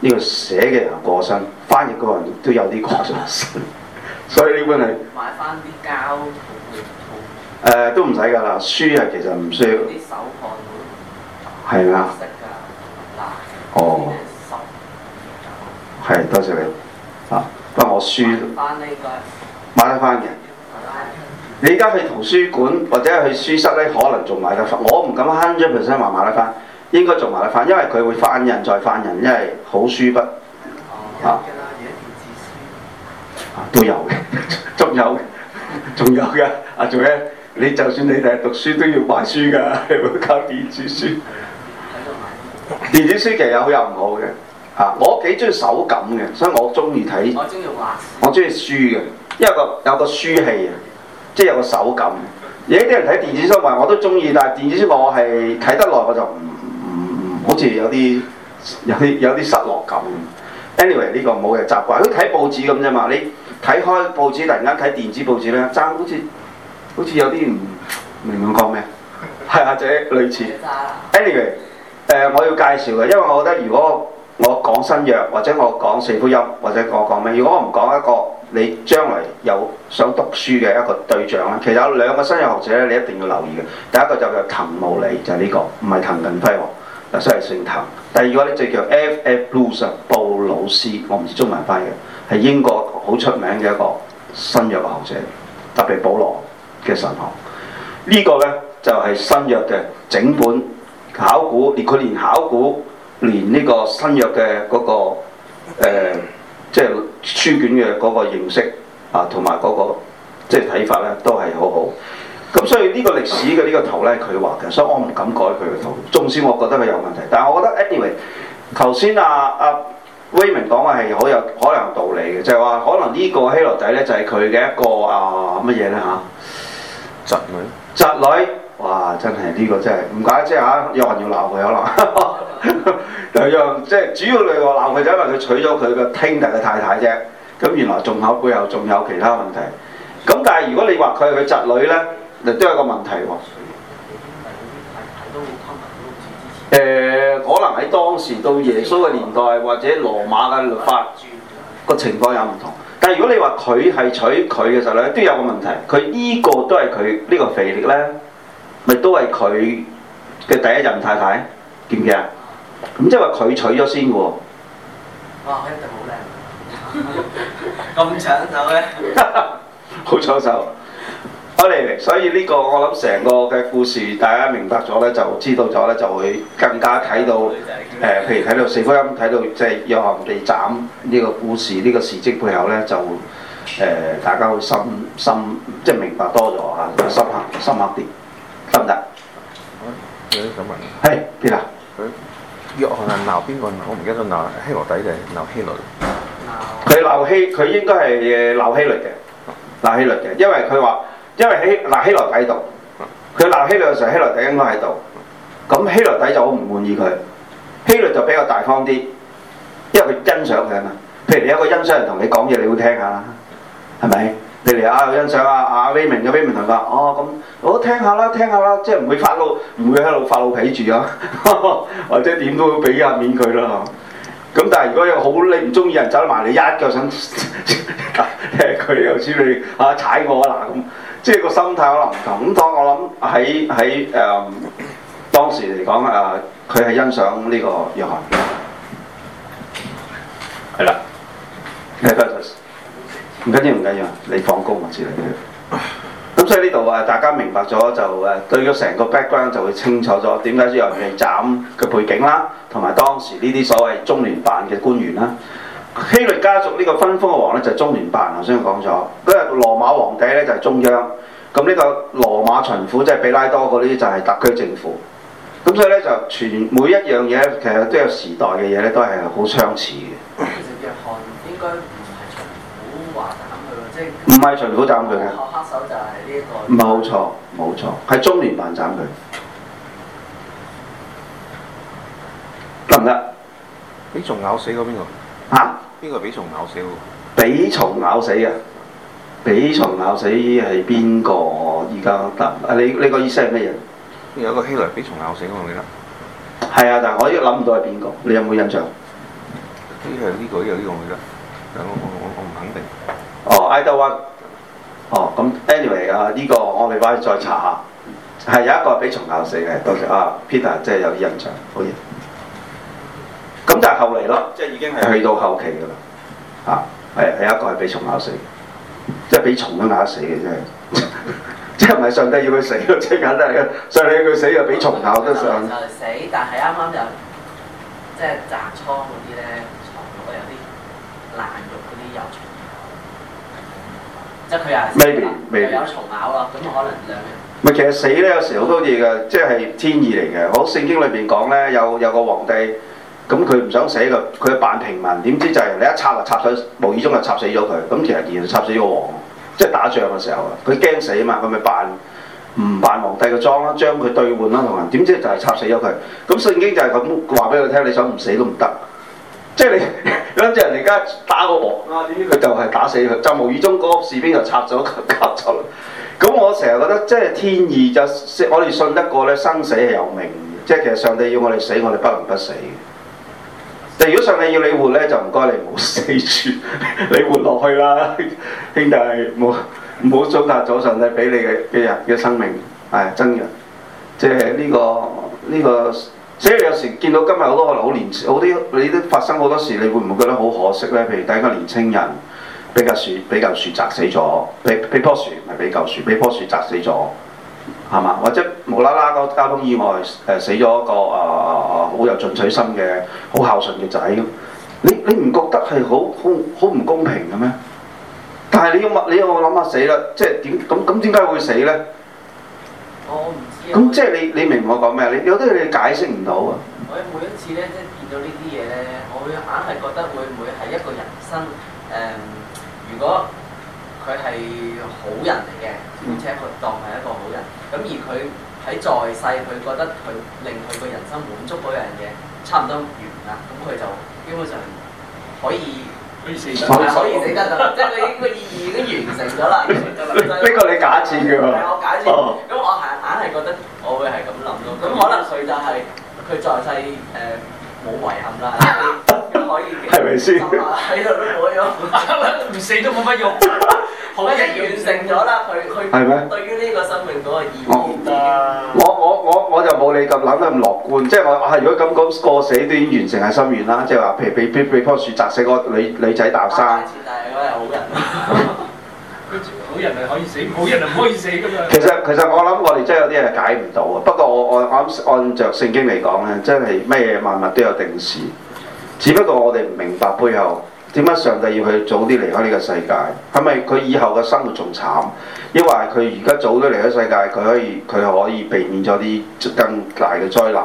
呢個寫嘅人過身，翻譯嘅人都有啲過咗身， 所以呢本係買翻啲膠，誒、呃、都唔使㗎啦，書啊其實唔需要。啲手汗係咪哦，係多謝你啊，不過我書買,買得翻嘅。你而家去圖書館或者去書室呢，可能仲買得翻。我唔敢講一百 percent 話埋得翻，應該仲買得翻，因為佢會翻人再翻人，因為好書筆都有嘅，仲有，仲有嘅。啊，仲有？你就算你哋讀書都要買書㗎，你唔好靠電子書，電子書其實有好有唔好嘅。啊！我幾中意手感嘅，所以我中意睇。我中意畫。我中意書嘅，因為有個有個書氣啊，即係有個手感。有啲人睇電子書咪，我都中意。但係電子書我係睇得耐，我就唔好似有啲有啲有啲失落感。anyway 呢個冇嘅習慣，好似睇報紙咁啫嘛。你睇開報紙，突然間睇電子報紙咧，爭好似好似有啲唔明我講咩，係或者類似。anyway 誒，我要介紹嘅，因為我覺得如果。我講新約，或者我講四福音，或者我講咩？如果我唔講一個你將來有想讀書嘅一個對象咧，其實有兩個新約學者咧，你一定要留意嘅。第一個就叫藤慕理，就係呢個，唔係藤近輝喎，都係姓藤。第二個呢就叫 F F Bruce 布魯斯，我唔知中文翻譯，係英國好出名嘅一個新約嘅學者，特別保羅嘅神學。呢個呢，就係新約嘅整本考古，連佢連考古。連呢個新約嘅嗰、那個誒，即、呃、係、就是、書卷嘅嗰個認識啊，同埋嗰個即係睇法呢，都係好好。咁所以呢個歷史嘅呢個圖呢，佢畫嘅，所以我唔敢改佢嘅圖。縱使我覺得佢有問題，但係我覺得 anyway，頭先啊啊威明講嘅係好有可能有道理嘅，就係、是、話可能呢個希羅底、啊、呢，就係佢嘅一個啊乜嘢呢？嚇？侄女。侄女。哇！真係呢、這個真係唔怪得即係、啊、有人要鬧佢可能，又有即係、 就是、主要你話鬧佢就因為佢娶咗佢個兄弟嘅太太啫。咁原來仲有背後仲有其他問題。咁但係如果你話佢係佢侄女呢，亦都有個問題喎。誒、呃，可能喺當時到耶穌嘅年代或者羅馬嘅律法個情況也唔同。但係如果你話佢係娶佢嘅侄女，都有個問題。佢呢個都係佢呢個腓力呢。咪都係佢嘅第一任太太，記唔記啊？咁即係話佢娶咗先喎。哇，一定 呢 好靚。咁搶手咧？好搶手。好嚟，所以呢、這個我諗成個嘅故事，大家明白咗呢，就知道咗呢，就會更加睇到誒、 呃，譬如睇到四福音，睇到即係約翰被斬呢個故事，呢、這個事跡背後呢就誒、呃，大家會深深即係明白多咗啊，深刻深刻啲。得唔得？係，邊個？佢約翰係鬧邊個？我唔記得咗鬧希羅底定鬧希律。佢鬧希，佢應該係鬧希律嘅，鬧希律嘅，因為佢話，因為喺鬧希羅底度，佢鬧希律嘅時候，希羅底應該喺度。咁希羅底就好唔滿意佢，希律就比較大方啲，因為佢欣賞佢啊嘛。譬如你有個欣賞人同你講嘢，你會聽下啦，係咪？你莉啊，又欣賞啊啊威明嘅威明，同佢話哦，咁，我聽下啦，聽下啦，即係唔會發怒，唔會喺度發老脾住啊，或者點都俾下面佢啦。咁但係如果好你唔中意人走埋嚟，一腳想踢佢又似你踩我啦咁，即係個心態可能唔同。咁當我諗喺喺誒當時嚟講啊，佢係欣賞呢個約翰。係啦，唔緊要，唔緊要，你放工我接你嘅。咁所以呢度啊，大家明白咗就誒，對咗成個 background 就會清楚咗點解有人被斬嘅背景啦，同埋當時呢啲所謂中聯辦嘅官員啦。希律家族呢個分封嘅王呢，就係中聯辦，頭先講咗嗰個羅馬皇帝呢，就係中央。咁呢個羅馬巡撫即係比拉多嗰啲就係特區政府。咁所以呢，就全每一樣嘢其實都有時代嘅嘢咧，都係好相似嘅。其實約翰應該。唔係巡虎斬佢嘅。冇錯冇錯，係中年男斬佢。得唔得？俾蟲咬死過邊個？嚇、啊？邊個俾蟲咬死喎？俾蟲咬死啊！俾蟲咬死係邊個？而家得啊，你你個意思係咩嘢？個有個希萊俾蟲咬死我記得。係啊，但係我依家諗唔到係邊個。你有冇印象？呢係呢個，依有呢個記得，這個這個，我我我唔肯定。哦、oh，I don't want 哦，咁 anyway 啊，呢個我哋翻去再查下，係有一個係俾蟲咬死嘅，多謝啊，Peter 即係有啲印象，好嘢。咁就係後嚟咯，即係已經係去到後期噶啦。啊，係有一個係俾蟲咬死，即係俾蟲都咬死嘅，真係。即係唔係上帝要佢死咯？即係簡單嚟講，上帝要佢死又俾蟲咬都。上。就死，但係啱啱就即係雜倉嗰啲咧，藏肉有啲爛肉嗰啲又。maybe maybe 有蟲咬咯，咁可能兩、就、樣、唔係。其實死呢、就是，有時好多嘢嘅，即係天意嚟嘅。好，聖經裏邊講呢，有有個皇帝，咁佢唔想死，佢佢扮平民，點知就係你一插就插死，無意中就插死咗佢。咁其實而家插死咗個王，即係打仗嘅時候，佢驚死啊嘛，佢咪扮唔扮皇帝嘅裝咯，將佢對換啦同埋，點知就係插死咗佢。咁聖經就係咁話俾你聽，你想唔死都唔得，即係。 跟住人哋而家打個鑊，點知佢就係打死佢，就無意中嗰個士兵就插咗個膠樽。咁我成日覺得即係天意就，我哋信得過呢生死係有命嘅。即係其實上帝要我哋死，我哋不能不死嘅。但如果上帝要你活呢，就唔該你唔好死住， 你活落去啦，兄弟，冇冇糟蹋咗上帝俾你嘅嘅人嘅生命，係、哎、真嘅。即係呢個呢個。這個。所以有時見到今日好多可能好年，好啲你啲發生好多事，你會唔會覺得好可惜呢？譬如第一個年青人俾嚿樹俾嚿樹砸死咗，俾俾棵樹唔係俾嚿樹，俾棵樹砸死咗，係嘛？或者無啦啦、呃、個交通意外誒死咗一個啊啊好有進取心嘅好孝順嘅仔，你你唔覺得係好好唔公平嘅咩？但係你要問，你要諗下死嘞，即係點咁咁點解會死呢？我唔知咁即係你，他你明我講咩？你有啲嘢我你解釋唔到啊！我每一次咧，即係見到呢啲嘢咧，我硬係覺得會唔會係一個人生誒、呃？如果佢係好人嚟嘅，而且佢當係一個好人，咁、嗯、而佢喺在，在世，佢覺得佢令佢個人生滿足嗰樣嘢差唔多完啦，咁佢就基本上可以。所以你得就即係佢個意義已經完成咗啦。不過你假設㗎嘛？係我假設，咁我係硬係覺得，我會係咁諗咯。咁可能佢就係佢在世誒冇遺憾啦，可以。係咪先？喺度都冇用，唔 死都冇乜用。好，即係完成咗啦！佢佢對於呢個生命嗰個意義嗎我我我我就冇你咁諗得咁樂觀，即係話係如果咁講過死都已經完成係心願啦。即係話譬如俾俾俾樖樹砸死個女女仔墮山，堅，但係佢係好人。好 人係可以死，好人係唔可以死㗎嘛。 其實其實我諗我哋真係有啲嘢解唔到啊。不過我我我諗按著聖經嚟講呢真係咩萬物都有定時，只不過我哋唔明白背後。點解上帝要佢早啲離開呢個世界？係咪佢以後嘅生活仲慘？因為佢而家早啲離開世界，佢可以佢可以避免咗啲更大嘅災難？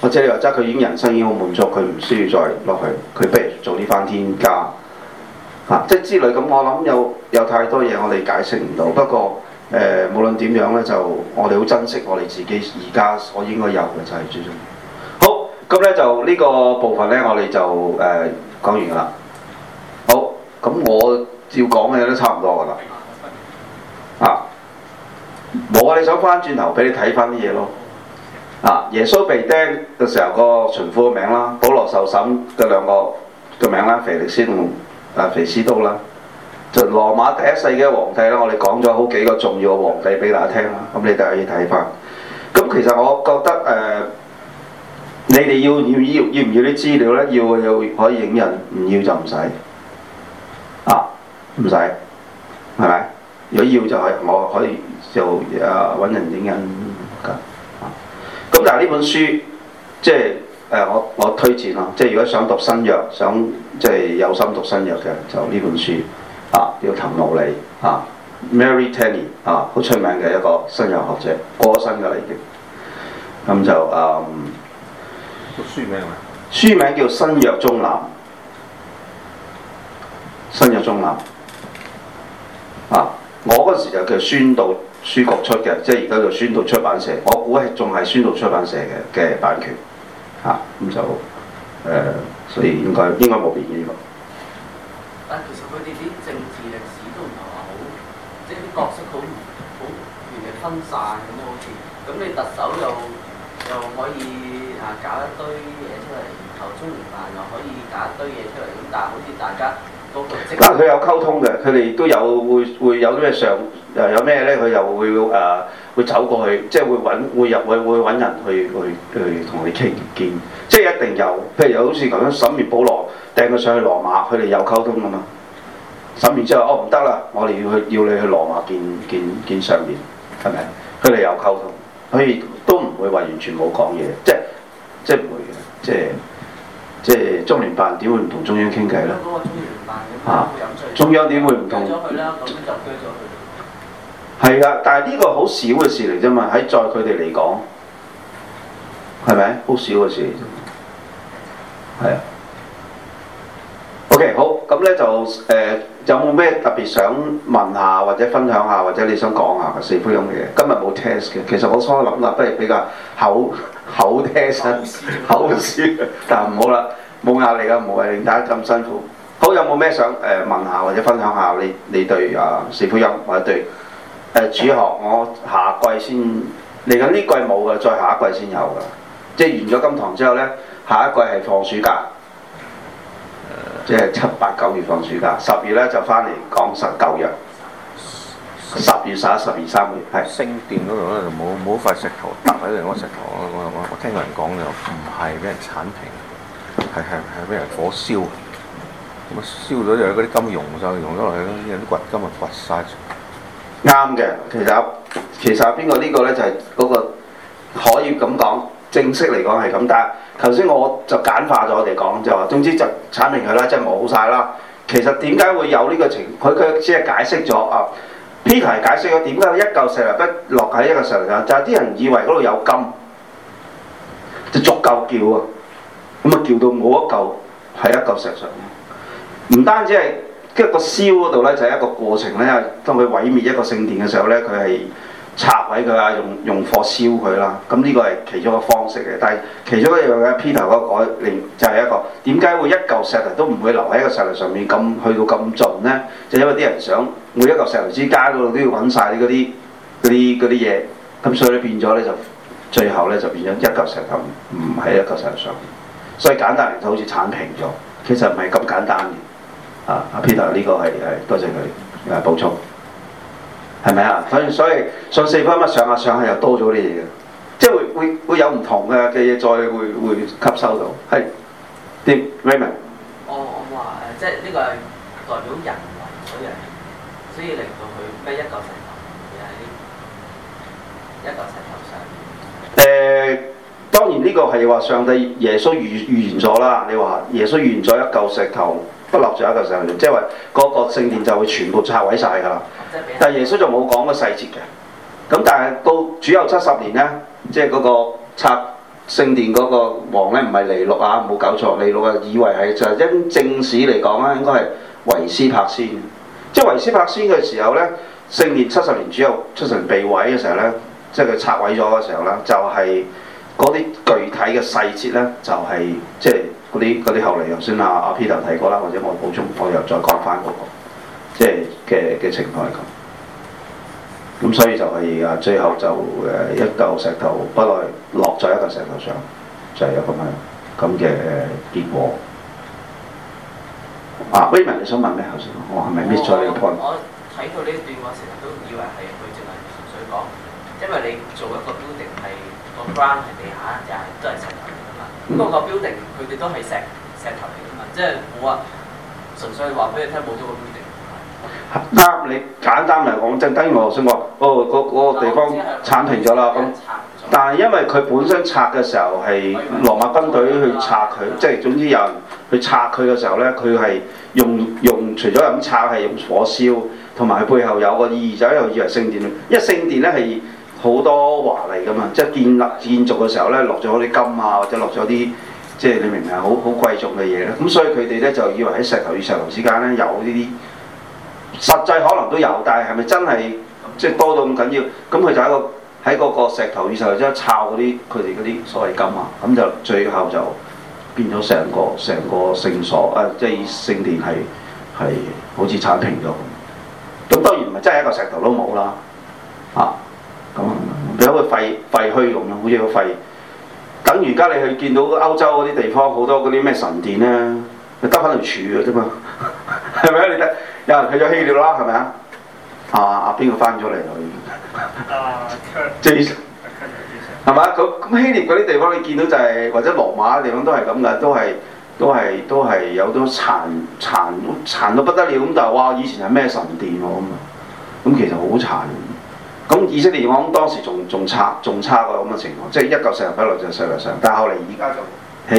或者你話齋佢已經人生已經好滿足，佢唔需要再落去，佢不如早啲翻天家啊，即之類咁。我諗有有太多嘢我哋解釋唔到。不過誒、呃，無論點樣呢，就我哋好珍惜我哋自己而家所應該有嘅就係最重要。好，咁呢就呢個部分呢，我哋就誒講、呃、完㗎喇。咁我照講嘅都差唔多噶啦，啊，冇啊！你想翻轉頭俾你睇翻啲嘢咯，啊！耶穌被釘嘅時候個巡撫嘅名啦，保羅受審嘅兩個嘅名啦，腓力斯同啊腓斯都啦，就、啊、羅馬第一世嘅皇帝啦，啊，我哋講咗好幾個重要嘅皇帝俾大家聽啦，咁、啊、你哋可以睇翻。咁、啊、其實我覺得誒、呃，你哋要要要唔要啲資料呢？要就可以影印，唔要就唔使。唔使，係咪？如果要就係我可以就誒揾、啊、人影印噶。咁、啊、但係呢本書即係、呃、我我推薦咯，即係如果想讀新約，想即係有心讀新約嘅，就呢本書啊叫做滕尼啊 Mary Tenny 啊好出名嘅一個新約學者，過身嘅嚟嘅。咁就誒。書名啊？書名叫《新約中南》，新約中南。啊！我嗰時就叫宣道書局出嘅，即係而家叫宣道出版社。我估係仲係宣道出版社嘅嘅版權。嚇、啊、咁就誒、呃，所以應該應該冇變呢個。但其實佢哋啲政治歷史都唔係話好，即係啲角色好好原嚟分散咁，好似咁你特首又又可以嚇搞一堆嘢出嚟，然後中聯辦，又可以搞一堆嘢出嚟咁，但係好似大家。嗱，佢、 啊、有溝通嘅，佢哋都有會會有啲咩上有咩呢？佢又會誒、呃、會走過去，即、就、係、是、會揾會入會會揾人去去去同佢哋傾見，即係一定有。譬如好似咁樣，審完保羅，掟佢上去羅馬，佢哋有溝通噶嘛？審完之後，哦唔得啦，我哋要去要你去羅馬見見見見上面，係咪？佢哋有溝通，所以都唔會話完全冇講嘢，即係即係唔會嘅，即係。即即係中聯辦點會唔同中央傾偈呢？嚇！中央點會唔同？係啊， 但係呢個好少嘅事嚟啫嘛，喺在佢哋嚟講，係咪？好少嘅事，係啊。 OK 好。咁呢，嗯、就誒、呃、有冇咩特別想問下或者分享下或者你想講下嘅四福音嘅嘢？今日冇 test 嘅，其實我初諗諗都係比較口口 test 口試， 但係唔好喇，冇壓力嘅，冇啊，唔使令大家咁辛苦。好，有冇咩想誒、呃、問下或者分享下你你對啊四福音或者對誒、呃、主學？我下季先，嚟緊呢季冇嘅，再下一季先有喇。即係完咗金堂之後呢，下一季係放暑假。即係七八九月放暑假，十月咧就翻嚟講實舊約。十月十一十二三月係。聖殿嗰度咧就冇冇塊石頭搭喺度，嗰石頭我我我我聽個人講就唔係俾人鏟平，係係係俾人火燒。咁啊燒咗就嗰啲金熔曬，熔咗落去咯，啲掘金啊掘曬。啱嘅，其實其實邊個呢、就是那個咧就係嗰個可以咁講，正式嚟講係咁，但頭先我就簡化咗，我哋講就話，總之就鏟平佢啦，即係冇晒啦。其實點解會有呢個情？佢佢只係解釋咗啊。Peter 解釋咗點解一嚿石頭落喺一嚿石上，就係、是、啲人以為嗰度有金，就足夠叫啊。咁啊，叫到冇一嚿，喺一嚿石上。唔單止係，即係個燒嗰度呢，就係一個過程呢，當佢毀滅一個聖殿嘅時候呢，佢係。插位佢啦，用用火燒佢啦，咁、這、呢個係其中一個方式嘅。但係其中一樣咧，Peter 嗰個改另就係一個點解會一嚿石頭都唔會留喺個石頭上面咁去到咁盡呢？就是、因為啲人想每一嚿石頭之間嗰度都要搵晒啲嗰啲嗰啲嗰啲嘢，咁所以變咗呢，就最後呢，就變咗一嚿石頭唔喺一嚿石頭上面，所以簡單嚟講好似剷平咗。其實唔係咁簡單嘅。啊，阿 Peter 呢個係係多謝佢啊補充。係咪啊？所以所以上四分一上下上下又多咗啲嘢嘅，即係會會會有唔同嘅嘅嘢再會會吸收到，係點？Raymond？我我話即係呢、呢個係代表人為，所以所以令到佢孭一嚿石頭嘅喺一嚿石頭上。誒、呃，當然呢個係話上帝耶穌預預，預言咗啦。你話耶穌預言咗一嚿石頭。落咗一個聖殿，即係話嗰個聖殿就會全部拆毀晒㗎喇。但係耶穌就冇講個細節嘅。咁但係到主後七十年呢，即係嗰個拆聖殿嗰個王呢，唔係尼祿啊，冇搞錯，尼祿啊以為係就係、是、因正史嚟講啦，應該係維斯帕先。即係維斯帕先嘅時候呢，聖殿七十年主後七十被毀嘅時候呢，即係佢拆毀咗嘅時候呢，就係嗰啲具體嘅細節呢、就是，就係即係。嗰啲啲後嚟，頭先阿 Peter 提過啦，或者我補充，我又再講翻、那、嗰個，即係嘅嘅情況嚟咁。咁所以就係啊，最後就誒一嚿石頭，不耐落咗一嚿石頭上，就係有咁樣咁嘅結果。啊，文你想問咩頭先我係咪 miss 咗呢個 point？我睇到呢段，我成日都以為係佢淨係純粹講，因為你做一個 building 係個 ground 係地下，又係都係石頭。咁嗰個 building 佢哋都係石石頭嚟㗎嘛，即係冇啊！純粹話俾你聽冇咗個 building。啱，你簡單嚟講，正等於我頭先講，哦，嗰嗰、嗰個地方剷平咗喇。咁。但係因為佢本身拆嘅時候係羅馬軍隊去拆佢，即係總之有人去拆佢嘅時候呢，佢係用用除咗係咁拆，係用火燒，同埋背後有個意義就係以為聖殿，因為聖殿呢係。好多華麗㗎嘛，即係建立建築嘅時候呢，落咗嗰啲金啊，或者落咗啲即係你明唔明啊？好好貴重嘅嘢。咁所以佢哋呢，就以為喺石頭與石頭之間呢，有呢啲，實際可能都有，但係係咪真係即係多到咁緊要？咁佢就喺個喺嗰個石頭與石頭之間抄嗰啲佢哋嗰啲所謂金啊，咁就最後就變咗成個成個聖所啊，即係聖殿係係好似鏟平咗咁。咁當然唔係真係一個石頭都冇啦，啊！俾一個廢廢墟用咯，好似個廢。等而家你去見到歐洲嗰啲地方，好多嗰啲咩神殿呢，得翻條柱嘅啫嘛，係咪啊？你睇有人去咗希臘啦，係咪啊？啊啊邊個翻咗嚟啊？即係，係嘛？咁希臘嗰啲地方，你見到就係、是、或者羅馬嘅地方都係咁噶，都係都係都係有好多殘殘殘到不得了咁，但係哇，以前係咩神殿喎？咁其實好殘。咁以色列我諗當時仲仲差仲差過咁嘅情況，即係一嚿石頭一嚿石頭上。但係後嚟而家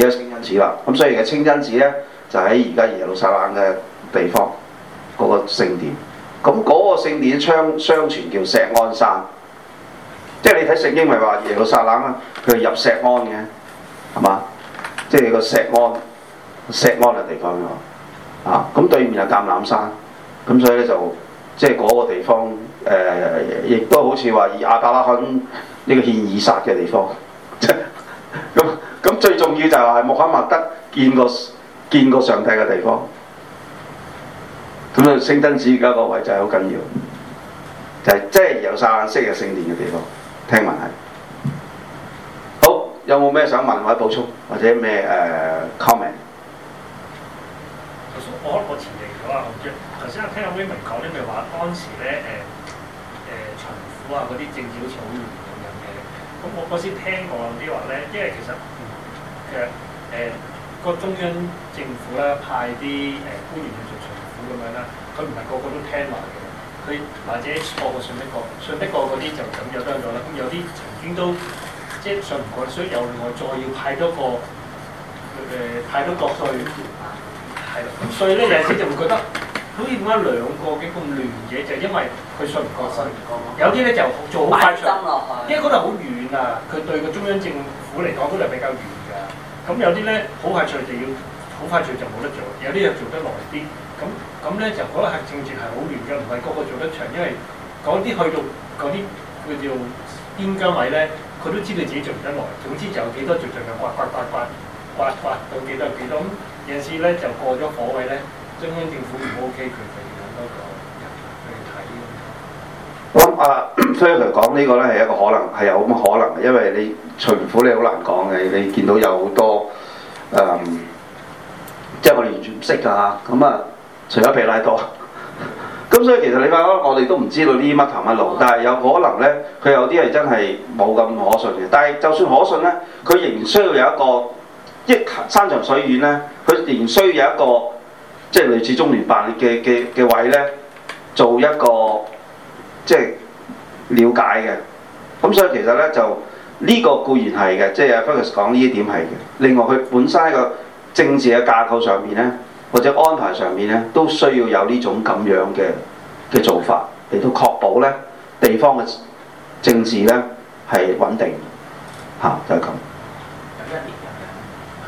就起咗清真寺啦。咁所以嘅清真寺呢，就喺而家耶路撒冷嘅地方嗰、嗰個聖殿。咁、嗰、嗰個聖殿傳相，相傳叫石安山，即係你睇聖經咪話耶路撒冷啊，佢係入石安嘅係嘛？即係個石安石安嘅地方㗎嘛？啊，咁對面係橄欖山，咁所以呢，就即係嗰個地方。誒，亦、呃、都好似話以亞伯拉罕呢個獻以撒嘅地方，咁 咁、嗯嗯、最重要就係穆罕默德見過見過上帝嘅地方，咁啊聖燈寺而家個位就係好緊要，就係即係有晒眼色嘅聖殿嘅地方，聽聞係。好，有冇咩想問或者補充，或者咩誒、呃、comment？我我前嚟講啊，頭先啊聽阿 Vinny 講咧，咪話當時咧我話嗰啲政治好似好嚴咁樣嘅，咁我先時聽過有啲話咧，因為其實其實誒個中央政府咧派啲誒官員去做巡府咁樣啦，佢唔係個個都聽埋嘅，佢或者個個信得過，信得過嗰啲就咁有得咗啦，咁有啲曾經都即係信唔過，所以又另外再要派多個誒、呃、派多國稅啊，係啦，所以咧有陣時就會覺得。所以點解兩個幾咁亂嘅就係、是、因為佢信唔過信唔過。有啲咧就做好快場，去因為嗰度好遠啊，佢對個中央政府嚟講嗰度比較遠㗎。咁有啲咧好快脆就要，好快脆就冇得做。有啲又做得耐啲。咁咁咧就可能係政治係好亂㗎，唔係個個做得長，因為嗰啲去到嗰啲叫做邊疆位咧，佢都知道自己做唔得耐。總之就有幾多做就又刮刮刮刮刮刮，刮，刮到幾多幾多。有時咧就過咗火位咧。中央政府唔 OK，佢哋有好多個人去睇。我諗、這個、啊，所以嚟講呢個呢係一個可能，係有咁嘅可能。因為你巡撫你好難講嘅，你見到有好多誒，即、嗯、係、就是、我哋完全唔識㗎。咁啊，除咗皮拉多，咁 所以其實你話我哋都唔知道呢啲乜頭乜路，但係有可能呢，佢有啲係真係冇咁可信嘅。但係就算可信呢，佢仍然需要有一個，即係山長水遠呢，佢仍然需要有一個。即係類似中聯辦嘅嘅嘅位呢，做一個即係了解嘅。咁所以其實呢，就呢、呢個固然係嘅，即係阿 Focus 講呢一點係嘅。另外佢本身一個政治嘅架構上面呢，或者安排上面呢，都需要有呢種咁樣嘅嘅做法，嚟到確保呢地方嘅政治呢係穩定嚇。有、啊、冇？就係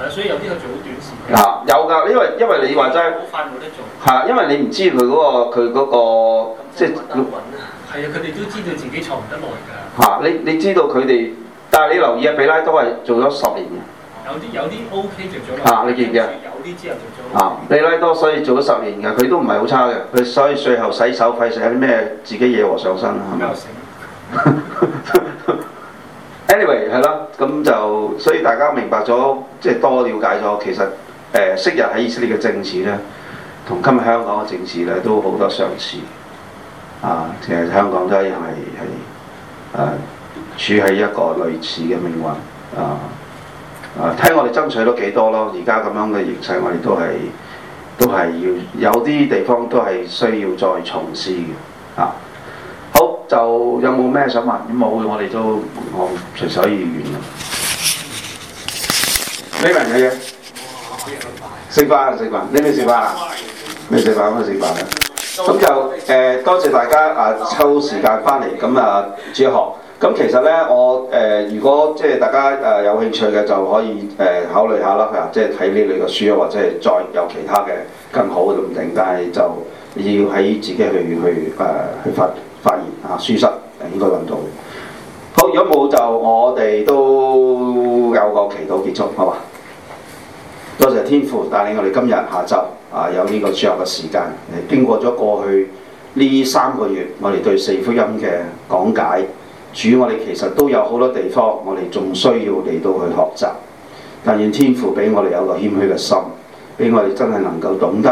所以有啲係做好短時間。嗱、啊，有㗎，因為因為你話真係好快冇得做。啊，因為你唔、嗯、知佢嗰、嗰個佢嗰、嗰個即係穩啊。係啊，佢哋都知道自己坐唔得耐㗎。嚇、啊，你你知道佢哋，但係你留意啊，比拉多係做咗十年嘅、啊。有啲有啲 OK 做咗。嚇、啊，你見嘅。有啲之後做。嚇，比拉多所以做咗十年㗎，佢都唔係好差嘅，佢所以最後洗手費食有啲咩？自己惹禍上身啊。 anyway 係咯，咁就所以大家明白咗，即係多了解咗，其實誒、呃、昔日喺以色列嘅政治呢，同今日香港嘅政治呢，都好多相似啊！其實香港都係係誒處喺一個類似嘅命運啊啊！睇、啊、我哋爭取到幾多咯，而家咁樣嘅形勢，我哋都係都係要有啲地方都係需要再重視嘅啊！就有冇咩想問？冇，我哋都我隨手而現啦。呢文有嘢食飯，食飯，你未食飯啊？未食飯，未食飯咁就誒、呃，多謝大家啊，抽時間翻嚟咁啊，主學。咁其實呢，我誒、呃，如果即係、呃、大家誒、呃、有興趣嘅，就可以誒、呃、考慮下啦，啊，即係睇呢類嘅書或者係再有其他嘅更好嘅都唔定，但係就要喺自己去去誒去發。去去去去去發現啊，舒適誒，應該搵到。好，如果冇就我哋都有個祈禱結束，好嘛？多謝天父帶領我哋今日下晝啊，有呢個最後嘅時間嚟、呃、經過咗過去呢三個月，我哋對四福音嘅講解，主我哋其實都有好多地方，我哋仲需要嚟到去學習。但願天父俾我哋有個謙虛嘅心，俾我哋真係能夠懂得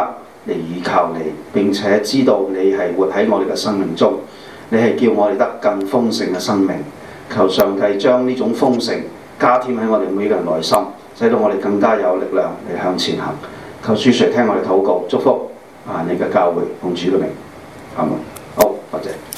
嚟依靠你，並且知道你係活喺我哋嘅生命中。你係叫我哋得更豐盛嘅生命，求上帝將呢種豐盛加添喺我哋每個人內心，使到我哋更加有力量嚟向前行。求主垂聽我哋禱告祝福啊！你嘅教會奉主嘅名，阿門。好，多謝。